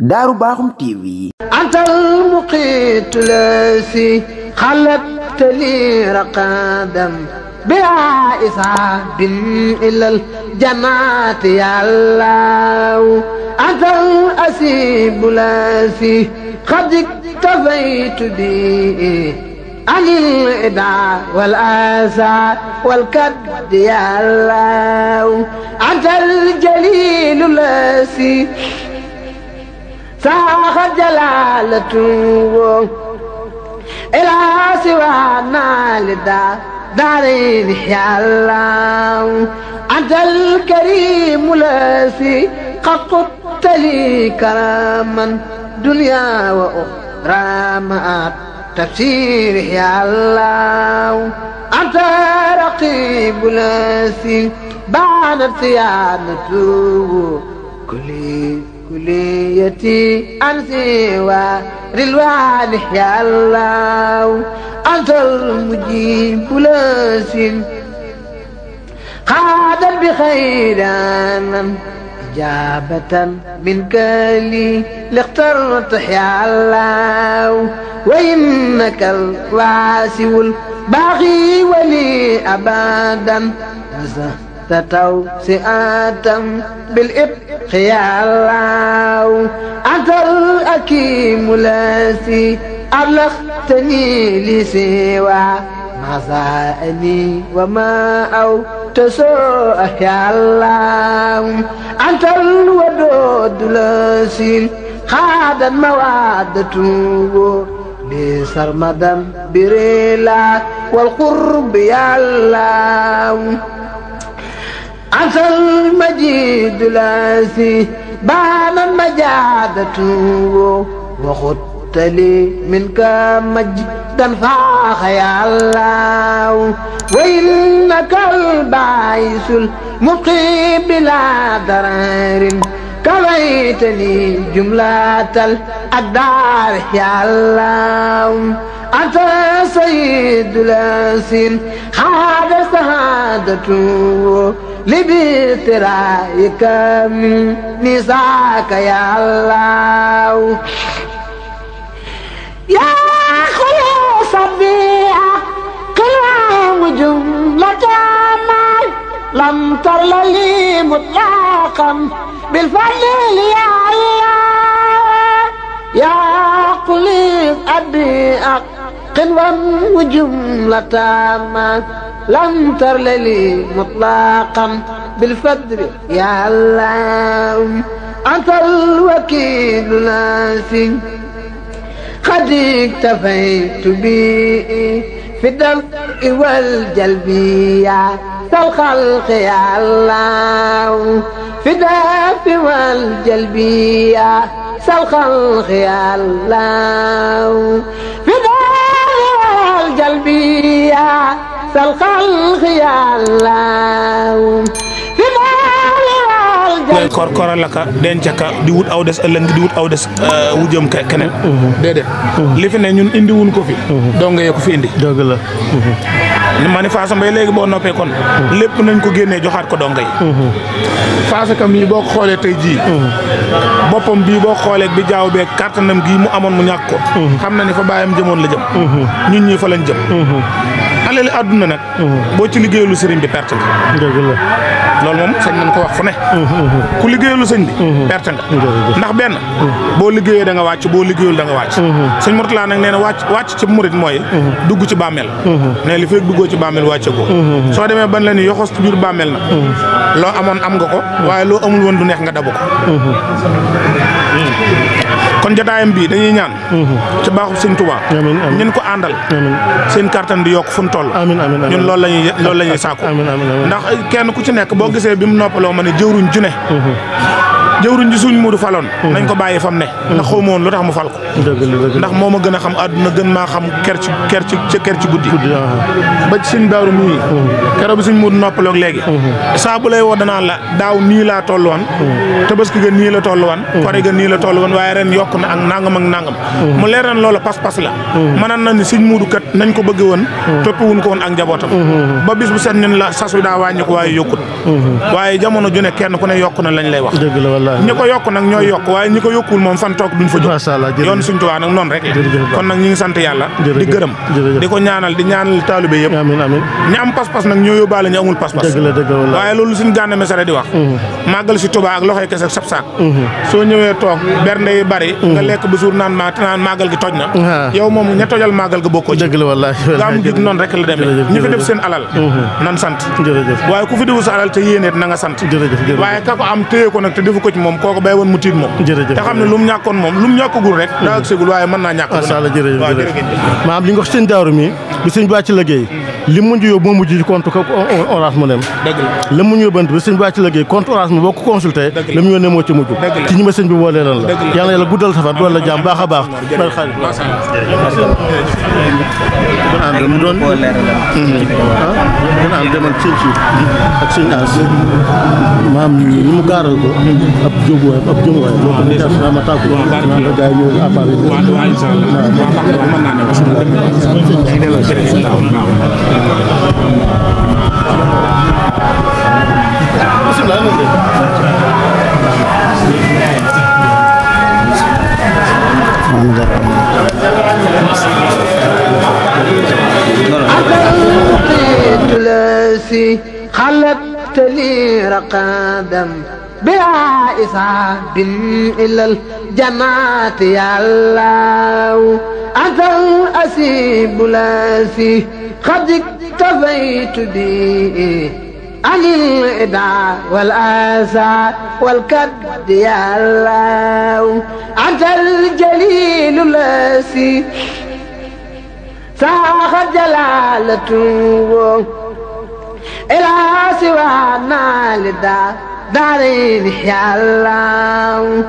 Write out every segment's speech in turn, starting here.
دارو باخم تي في أنت المقيت لسي خلقت لي رقادا اسعاد إلى الجنات يا الله أنت الأسيب لسي قد اكتفيت به عن الإدعاء والآثار والكد يا الله أنت الجليل لسي ساخ جلالته إلى سوانا لدا دارين يا الله أنت الكريم الذي قد قدت لي كراما دنيا وأخرى مآت تفسير يا الله أنت رقيب الذي بعد صيانته كلي كليتي أنسي ورلوان يا الله أنت المجيب لسن قادا بخيرا إجابة منك لي لاخترت يا الله وإنك الواسع الباغي ولي أبدا تتوسئاتم بالإب يا الله أنت الأكيم الذي لي لسوى ما زاني وما أو تسوء يا الله أنت الودود الذي خاد الموادة مدم بريلا والقرب يا الله عسى المجيد لاسي بان المجادة وخدت لي منك مجدا فاخ يا الله وإنك البعيس المقيم بلا ضرر كويتني جملة الأدار يا الله أنت سيد الأسين هذا سعادته لبترائك من نساك يا الله يا خلوص البيئة كلام جملة أعمال لم تر لي مطلقا بالفضل يا الله يا قليل أبي أقل وجملة أعمال لم ترللي مطلقا بالفدر يا الله أنت الوكيل ناسي قد اكتفيت بي في الدفء والجلبية كالخلق يا الله في الدفء والجلبية كالخلق يا الله في الدفء والجلبية kor koral la ka denc ka di wut aw des ëllëg di aw des euh, wu jëm ka keneen mhm. déedéet mhm. li ñun indi wun ko fi mhm. donga yee ko fi indi dëgg la mani Fass Mbaye léegi boo noppee kon lépp nañ ko génnee joxaat ko donga yi Fass kam yi boo xoolee tey jii boppam bii boo xoolee bi jaaw bee kàttanam gii mu amoon mu ñàkk ko xam na ni fa bàyyam jëmoon la jëm ñun ñii fa lañ jëm alali àdduna nag. Mhm. boo ci liggéeyalu sëriñ bi perte nga. loolu moom sañ nañ ko wax fu ne. Mhm, mhm. ku liggéeyalu sëñ bi. perte nga. ndax benn. boo liggéeyee da nga wàcc boo liggéeyul da nga wàcc. sëñ Mourtala nag nee na wàcc wàcc ci murit mooy. dugg ci bàmmeel. ne li fekk duggoo ci bàmmeel wàcce ko. soo demee ban la ni yoxos ci biir na. loo amoon am nga ko. waaye loo amul woon du neex nga dabu ko. kon jotaayam bii dañuy ñaan. ci baaxu sëñ Tuubaa. àndal. seen kàttan di yokk fu mu toll. amiin amiin ñun loolu la ñuy loolu la ñuy sàkku. ndax kenn ku ci nekk boo gisee bi mu noppaloo ma ne jëwruñ june mm-hmm. jëwriñ ji suñ Modou faloon nañ ko bàyyi fam ne ndax xaw woon lu tax mu fal ko ndax moo ma gën a xam àdduna gën maa xam ker ci ker ci ca ker ci guddi ba ci suñ daaru mii keroog bi suñ Modou noppaloog léegi saa bu lay woo danaan la daaw nii laa toll woon tabaski ga nii la toll woon kori ga nii la waaye ren yokk na ak nangam ak nangam mu leeran loola pas-pas la mënaan na ni suñ Modou kat nañ ko bëgg woon topp ko woon ak njabootam ba bis bu set ñun la sas wi daa wàññi ko waaye yokkut waaye jamono ju ne ku ne yokk na lañ lay wax ñi ko yokk nag ñooy yokk waaye ñi ko yokkul moom fan toog duñ fa jóg yoon suñ tubaa nag noonu rek kon ñi ngi di gërëm di ñaanal di ñaanal taalibe ñi am pas-pas balen ñoo amul pas-pas Wa loolu suñ gànna mesare di wax mhm. màggal si So ak loxoy kese sab saak mhm. soo ñëwee toog bernde yi bari mhm. nga lekk bu suur naan maa te gi yow tojal màggal ga bokkoo ci gaam dig noonu rek la ñi fi def seen alal nan Wa waaye ku fi nangasant. sa alal te yéeneet na nga ka ko am téye ko te defu ko moom kooku bay woon mu tiit moom te xam ne lu mu ñàkkoon moom lu mu ñàkkagul rek daa ak waaye mën naa ñàkk masalla li nga wax sëñ daaru mi bi sëñ bàcc liggéey li mu mujj yóbbu moo mujj ci compte orange mu boo ko consulté la mu yónnee moo ci mujj ci ñi ma sëñ bi boolee la yàlla na yàlla guddal safar doon la jàmm baax a baax bari xaalis mu ab jóg waaye ab jëm waaye loolu tamit gas naa ma tàggu naa gaa yi ñëw appareil bi waaw waaw incha allah waaw baax na mën naa ne parce que dem na ci delloo ci rek taxaw waaw bismillah عبوق الذي خلقت لي رقادا بلا بن إلى الجماعة يا الله أنت الأسيب لاسي قد اكتفيت به عن الإدعاء والآسى والكد يا الله أنت الجليل لاسي ساخ جلالته إلى سوى نالدا دارين يا الله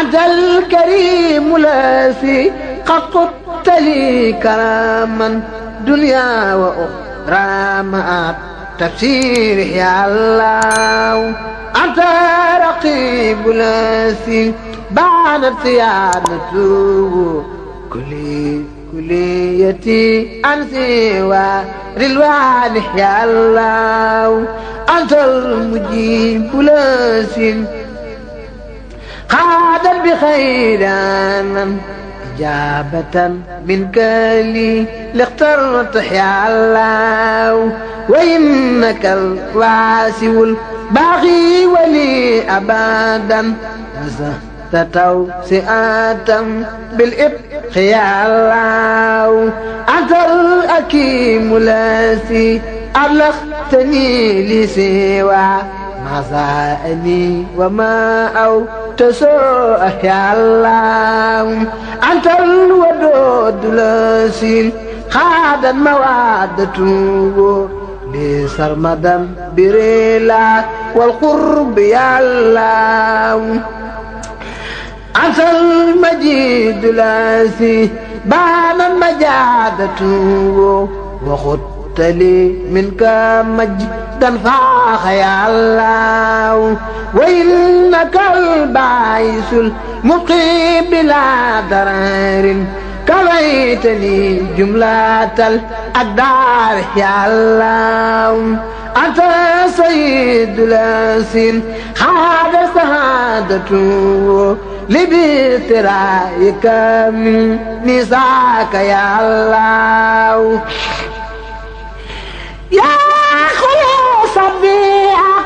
أنت الكريم لاسي قطت قدت لي كراما دنيا وأخرى ما تفسير يا الله أنت رقيب الذي بعد صيانته كلي كليتي عن سوى رلوان يا الله أنت المجيب لسن قادا بخيرا إجابة من قالي لاخترت يا الله وإنك الواسع الباغي ولي أبدا تتو سئاتم بالاب يا الله أثر أكيم لاسي لي لسوى ما زاني وما أو تسوء يا الله أنت الودود لاسي خادا موادته مدم بريلا والقرب يا الله عسى المجيد لاسي بان تو وخدت لي منك مجدا فاخ يا الله وإنك البعيس المقيم بلا ضرار كويتني جملة الأقدار يا الله أنت سيد الأسين خاد سهادته لبترائك من نساك يا الله يا خلوص البيئة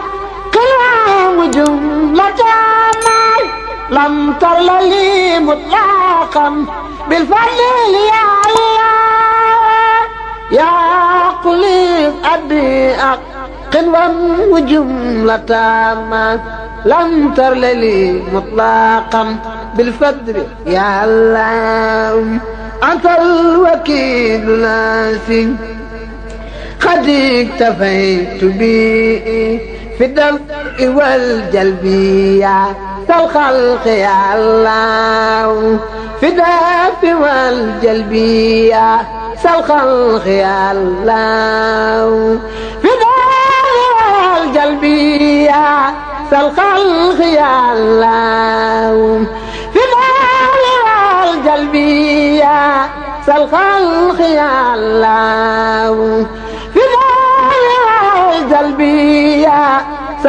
قلعة وجملة جمال لم تر لي مطلقا بالفعل يا الله يا قليل أبي أقل وجملة جمال لم تر لي مطلقا بالفدر يا الله أنت الوكيل ناسي قد اكتفيت بي في الدفع والجلبية الخلق يا الله في الدفع والجلبية الخلق يا الله في الخلق يا الله في المال والقلبية الخلق يا الله في المال والقلبية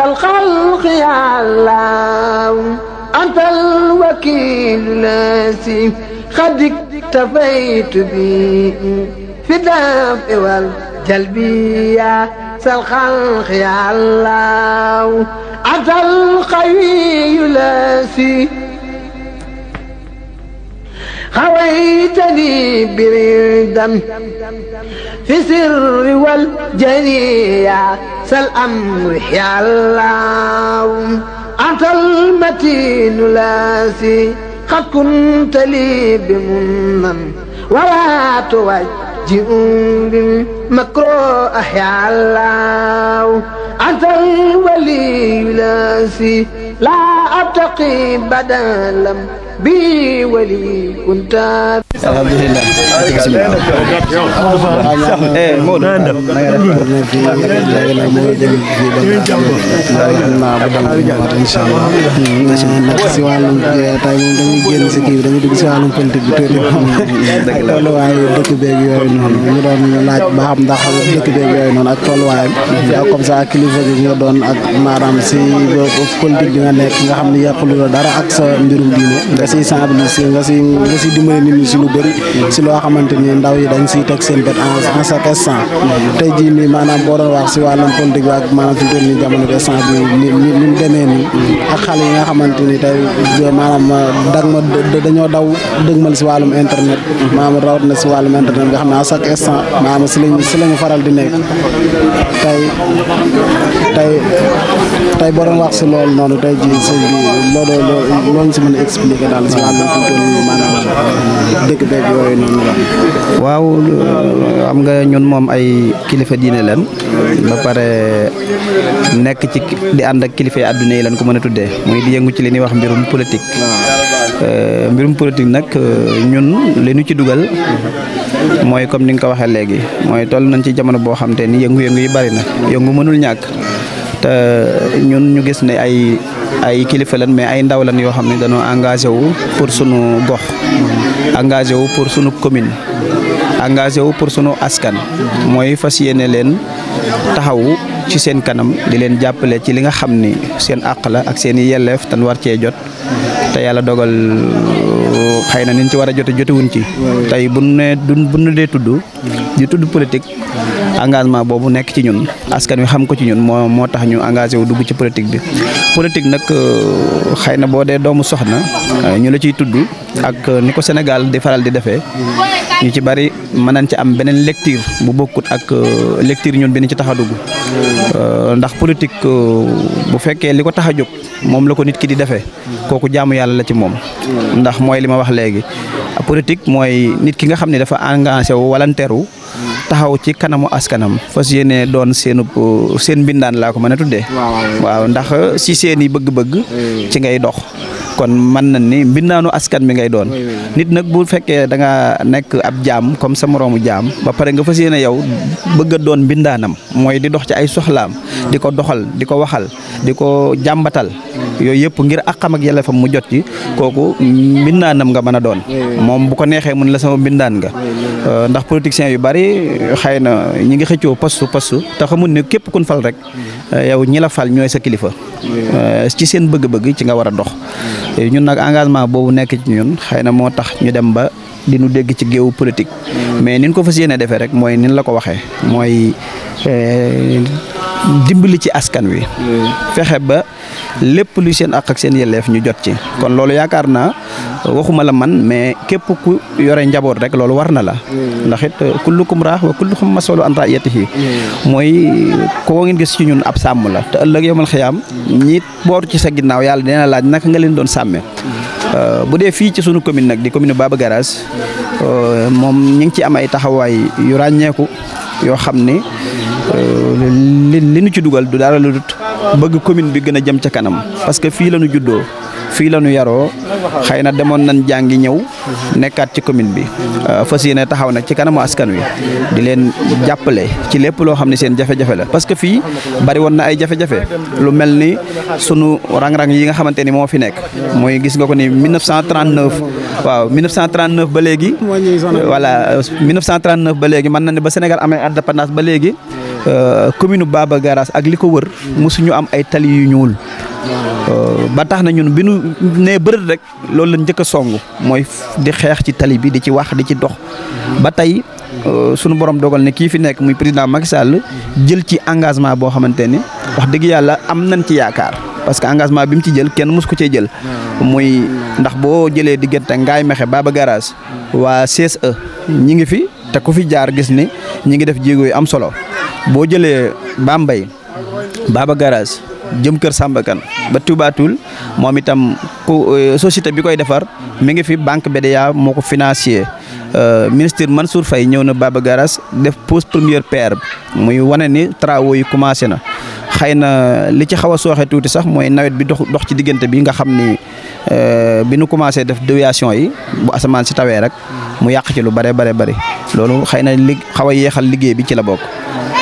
الخلق يا الله أنت الوكيل الذي قد اكتفيت به في الذنب والجلبية سالخلق يا الله أنت القوي لاسي خويتني بردم في سر والجنية سالأمر يا الله أنت المتين لاسي قد كنت لي بمنا ولا توجه جئون بالمكروه أحيا الله أنت الولي لاسي لا أبتقي بدلا bi wali kunta alhamdulillah Modou na nag moo jëm fii ba ba dal incha si wàllum tay moom si kii bi dañuy dugg si wàllum politique bi tuuti ak tolluwaay dëkk beeg yooyu noonu ñu doon laaj ba xam ndax dëkk beeg yooyu noonu ak tolluwaayam ak comme ak kilifa nga doon ak maanaam si politique nga nekk nga xam ne yàqulu la dara ak sa mbirum diine siy sensibiliser nga si nga si dimbale nit ñi si lu bëri si ndaw yi dañ seen en en instant doon wax si wàllum politique waag maanaam fi doon ni jamono de sant bi ni ni mu demee ak xale yi nga xamante ni tey maanaam dag ma dañoo daw dëgmal internet maanaam rawat na internet nga xam ne instant lañu faral di nekk tey tey tey boo doon wax si loolu noonu tey jii sëñ bi expliquer daal si waaw xam nga ñun moom ay kilifa diine leen ba pare nekk ci di ànd ak kilifa yi yi leen ko mën a tuddee muy di yëngu ci li ñuy wax mbirum politique. Eh, mbirum politique nag eh, ñun li ci dugal mooy comme ni nga ko waxee léegi mooy toll nañ ci jamono boo xam te ni yëngu-yëngu yi bari na yëngu mënul ñàkk te ñun ñu gis ne ay. ay kilifa lan mais ay ndaw lan yoo xam ne dañoo engagé wu pour sunu gox engagé wu pour sunu commune engagé wu pour sunu askan mooy fas yéene leen taxawu ci seen kanam di leen jàppale ci li nga xam ni seen àq la ak seen i yelleef tan war cee jot te yàlla dogal xëy na niñ ci war a jote jotewuñ ci tey bu nu dee tudd di tudd politique engagement boobu nekk ci ñun askan wi xam ko ci ñun moo moo tax ñu engagé wu dugg ci politique bi politique nag euh, xëy na boo dee doomu soxna euh, ñu la ciy tudd ak euh, ni ko Sénégal di faral di defee ñu ci bari mën nañ ci am beneen lecture bu bokkut ak lecture ñun bi ni ci tax a dugg ndax politique bu fekkee li ko tax a jóg moom la ko nit ki di defee kooku jaamu yàlla la ci moom ndax mooy li ma wax léegi politique mooy nit ki nga xam ne dafa engagé wu walanteeru taxaw ci kanamu askanam fas yéene doon seenu seen mbindaan laa ko mën a tuddee waaw ndax si seen i bëgg-bëgg eh. ci ngay dox kon man na ni bindanu askan mi ngay doon nit nak bu fekke da nga nek ab jam comme sa moroomu jam ba pare nga fas yow beug doon mbindaanam di dox ci ay soxlam di doxal di ko waxal di ko mm. yoy yep ngir akam ak fam mu jot ci kooku nga mën doon mom bu ko nexe mun la sama bindan nga euh, ndax politiciens yu bari xëy na ñi ngi xëccoo passu passu ta xamul ne kep kun fal rek mm. euh, yow ñi la fal ñoy sa kilifa Euh, ci seen bëgg-bëgg ci nga war a dox ñun nag engagement boobu nekk ci ñun xëy na moo tax ñu dem ba di nu dégg ci géew politique mais nin ko fas yéene defee rek mooy nin la ko waxee mooy euh, dimbali ci askan wi fexe ba lépp luy seen àq ak seen yelleef ñu jot ci kon loolu yaakaar naa waxuma la man mais képp ku yore njaboot rek loolu war na la ndax it euh, kullukum raax wa kullukum masolu an raiyatihi mooy koo ngeen gis ci ñun ab sàmm la te ëllëg yowmal xiyaam ñi boor ci sa ginnaaw yàlla dina laaj naka nga leen doon sàmme euh, bu dee fii ci sunu commune nag di commune Baba Garage euh, moom ñu ngi ci am ay taxawaay yu ràññeeku yoo xam ni li ñu ci duggal du dara lu dut bëgg commune bi gëna jëm ci kanam parce que fi lañu juddo fi lañu yaro xeyna yaroo na nañ jangi ñew nekkat ci commune bi euh, fasiyene taxaw nak ci kanam askan wi di leen jappalé ci lepp lo xamni seen jafé jafé la parce que fi bari won na ay jafé jafé lu melni suñu sunu rang-rang yi nga xamanteni ni fi nekk moy gis nga ko ni 1939 waaw 1939 ba légui voilà 1939 ba légui man na ne ba Sénégal amé indépendance ba légui Euh, commune Baba garas ak liko wër musuñu am ay tali yu ñuul euh, ba tax na ñun binu ne bërët rek loolu lañu jëk a moy di xex ci tali bi di ci wax di ci dox ba tay euh, sunu borom dogal ne ki fi nekk muy président Macky Sall jël ci engagement bo xamante wax deug yalla am nañ ci yaakar parce que engagement bi mu ci jël kenn mus ci jël muy ndax jëlé di diggante ngaay mexé Baba garas wa CSE ñi ngi fi te ku fi jaar gis ni ñi ngi def jéggoy am solo boo jëlee mbay Baba Garage jëm Kër Samba Kane ba Touba moom itam ku euh, société bi koy defar mi ngi fi banque BDA moo ko financier euh, ministre man Faye ñëw na baaba Garage def pose première pierre muy wane ni travaux yi commencé na. xëy na li ci xaw a sooxe tuuti sax mooy nawet bi dox dox ci diggante bi nga xam ni euh, bi nu commencé def déviation yi bu asamaan si tawee rek mu yàq ci lu bare bare bare loolu xëy na li xaw a yéexal liggéey bi ci la bokk.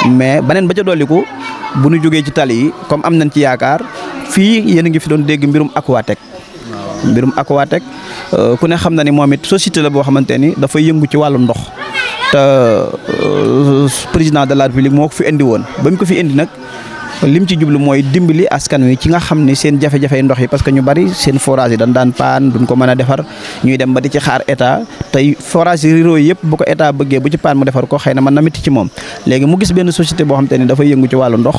mais beneen ba ca dolliku bu nu jógee ci tali yi comme am nañ ci yaakaar fii yéen a ngi fi doon dégg mbirum Aquatech mbirum Aquatech euh, ku ne xam na ni moom it société la boo xamante ni dafay yëngu ci wàllu ndox te euh, président de la république moo ko fi indi woon ba mu ko fi indi nag lim ci jublu mooy dimbali askan wi ci nga xam ni seen jafe-jafe ndox yi parce que ñu bari seen forage yi dañ paan duñ ko mën a defar ñuy dem ba di ci xaar état tey forage ruraux yëpp bu ko état bëggee bu ci paan mu defar ko xëy na mën na métti ci moom léegi mu gis benn société boo xam te ne dafay yëngu ci wàllu ndox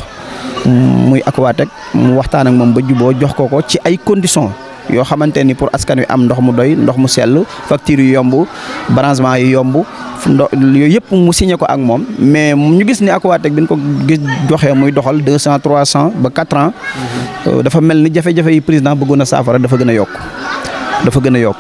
muy Aquatech mu waxtaan ak moom ba juboo jox ko ko ci ay conditions yo xamanteni ni pour askan wi am ndox mu doy ndox mu sel facture yu yomb branchement yu yomb ndox mu signé ko ak mom mais ñu gis ni Aquatech bi ko gis doxee muy doxal 200 300 ba 4 ans. Euh, dafa mel ni jafe-jafe yi président bëggoon safara saafara dafa gëna yok dafa gëna yok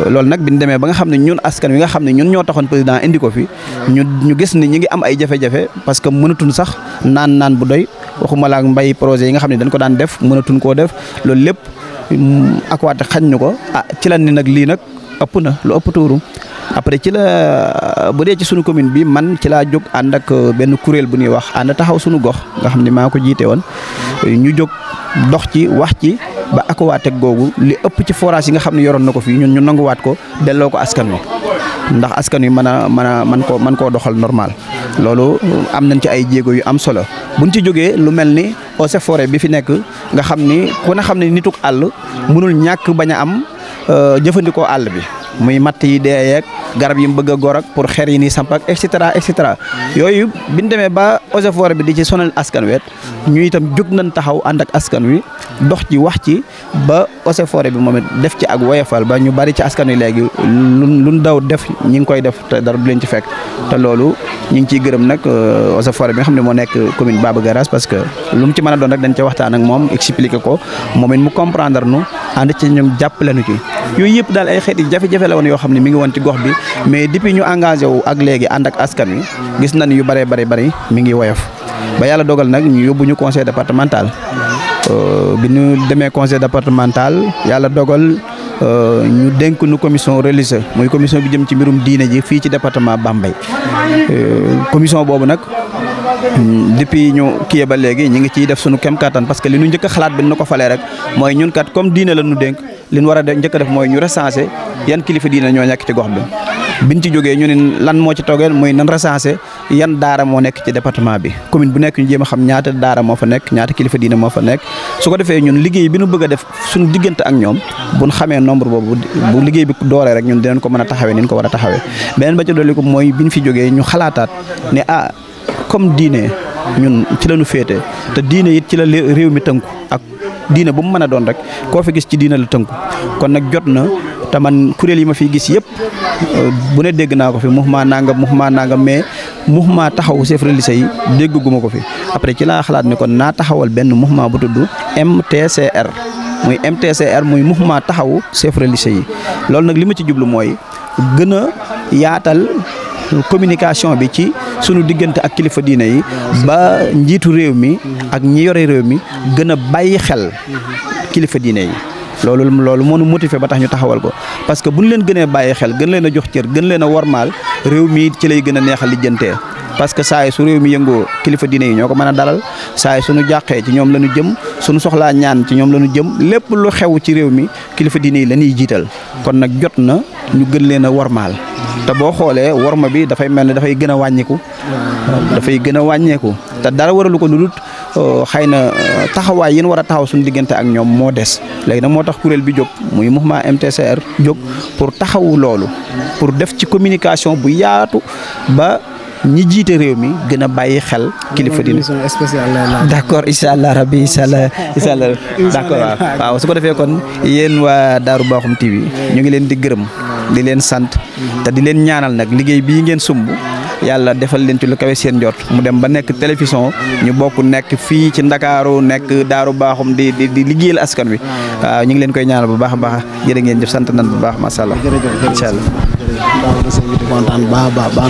euh, lol nak biñu démé ba nga xamni ñun askan wi nga xamni ñun ño taxone président indi ko fi ñu ñu gis ni ñi am ay jafe-jafe parce que mënatuñ sax nan nan bu doy waxuma la mbay projet yi nga xamni dañ ko daan def mënatuñ ko def lol lip Aquatech xañ ñu ko ah ci lan ni nag lii nag ëpp na lu ëpp tuuru après ci la bu dee ci sunu commune bi man ci laa jóg ànd ak euh, benn kuréel bu ñuy wax ànd taxaw sunu gox nga xam ni maa ko jiite woon ñu jóg dox ci wax ci ba Aquatech googu li ëpp ci forage yi nga xam ne yoron na ko fii ñun ñu nanguwaat ko delloo ko askan wi ndax askan wi mën a mën a mën koo mën koo doxal normal loolu am nañ ci ay jéego yu am solo buñ ci jógee lu mel ni eaux et bi fi nekk nga xam ni ku ne xam ne nituk àll mënul ñàkk bañ a am euh, jëfandikoo àll bi. muy mati yi dé ak garab yi mu bëgg gor ak pour xer yi ni samp ak et cetera et cetera yoyu bi démé ba eaux bi di ci sonal askan weet ñuy tam jóg nañ taxaw and ak askan wi dox ci wax ci ba eaux bi momit fal def ci ak woyofal ba ñu bari ci askan wi légui lu daw def ñi ngi koy def té dara du leen ci fekk té lolu ñi ngi ci gëreum nak eaux bi nga xamné mo moo nekk commune babu Garage parce que lu mu ci mëna doon dañ ci waxtaan ak mom expliquer ko momit mu comprendre nu and ci ñoom jàppale nu ci yoyep dal ay xéti jafé jafe la woon yoo xam ne mi ngi woon ci gox bi mais depuis ñu engagé wu ak léegi ànd ak askan wi gis nañ yu bëree bëri bëri mi ngi woyof ba yàlla dogal nag ñu yóbbu ñu conseil départemental euh, bi ñu demee conseil départemental yàlla dogal euh, ñu dénk nu commission religieuse mooy commission bi jëm ci mbirum diine ji fii ci département Bambey euh, commission boobu nag mm, depuis ñu kii ba léegi ñu ngi ciy def sunu kem kattan parce que li ñu njëkk a xalaat bi nu ko falee rek mooy ñun kat comme diine la li ñu war a njëkk a def mooy ñu recensé yan kilifa diine ñoo nekk ci gox bi biñ ci jógee ñu ne lan moo ci toogeel mooy nan recensé yan daara moo nekk ci département bi commune bu nekk ñu jéem xam ñaata daara moo fa nekk ñaata kilifa diine moo fa nekk su ko defee ñun liggéey bi nu bëgg a def suñu diggante ak ñoom buñ xamee nombre boobu bu liggéey bi dooree rek ñun dinañ ko mën a taxawee niñ ko war a taxawee beneen ba ci dolli ko mooy biñ fi jógee ñu xalaataat ne ah comme diine ñun ci lañu féete te diine it ci la réew mi tënku ak diina bu mu mën a doon rek koo fi gis ci diine la tënku kon nag jot na te man kuréel yi ma fiy gis yëpp euh, bu ne dégg naa ko fi muxmaa nangam muxmaa nangam mais muxmaa taxaw chef religieux yi dégguma ko fi après ci laa xalaat ne kon naa taxawal benn muxmaa bu tudd MTCR muy MTCR muy muxmaa taxawu chef religieux yi loolu nag li ma ci jublu mooy gën yaatal communication bi ci sunu diggante ak kilifa diiné yi ba njitu réew mi ak ñi yoré réew mi gëna a xel kilifa diiné yi lolu lolu mo nu motiver ba tax ñu taxawal ko parce que buñu leen gëné bayyi xel gën leena jox cër gën leena a réew mi ci lay gëna a neexal lijjantee parce que saay su réew mi yëngo kilifa diiné yi ñoko mëna dalal saay suñu jaxé ci ñom lañu jëm suñu soxla ñaan ci ñom lañu jëm lepp lu xew ci réew mi kilifa diiné yi lañuy jital kon nak jotna na ñu gën leena a te boo xoolee worma bi dafay mel ne dafay gën a wàññiku dafay gën a wàññeeku te dara waralu ko lu dul euh, xëy na euh, taxawaay yéen war a taxaw suñu diggante ak ñoom moo des léegi nag moo tax kuréel bi jóg muy mouvement MTCR jóg pour taxawu loolu pour def ci communication bu yaatu ba ñi jiite réew mi gën a bàyyi xel kilifa dina d'accord incha allah rabbi incha allah incha allah d'accord waaw su ko defee kon yéen waa Darou Bakhoum TV ñoo ngi leen di gërëm di leen sant te di leen ñaanal nag liggéey bii ngeen sumb yàlla defal leen ci lu kawe seen jot mu dem ba nekk télévision ñu bokk nekk fii ci ndakaaru nekk daaru baaxum di di di liggéeyal askan wi waaw ñu ngi leen koy ñaanal bu baax a baax jërë ngeen jëf sant nan bu baax masala allah. incha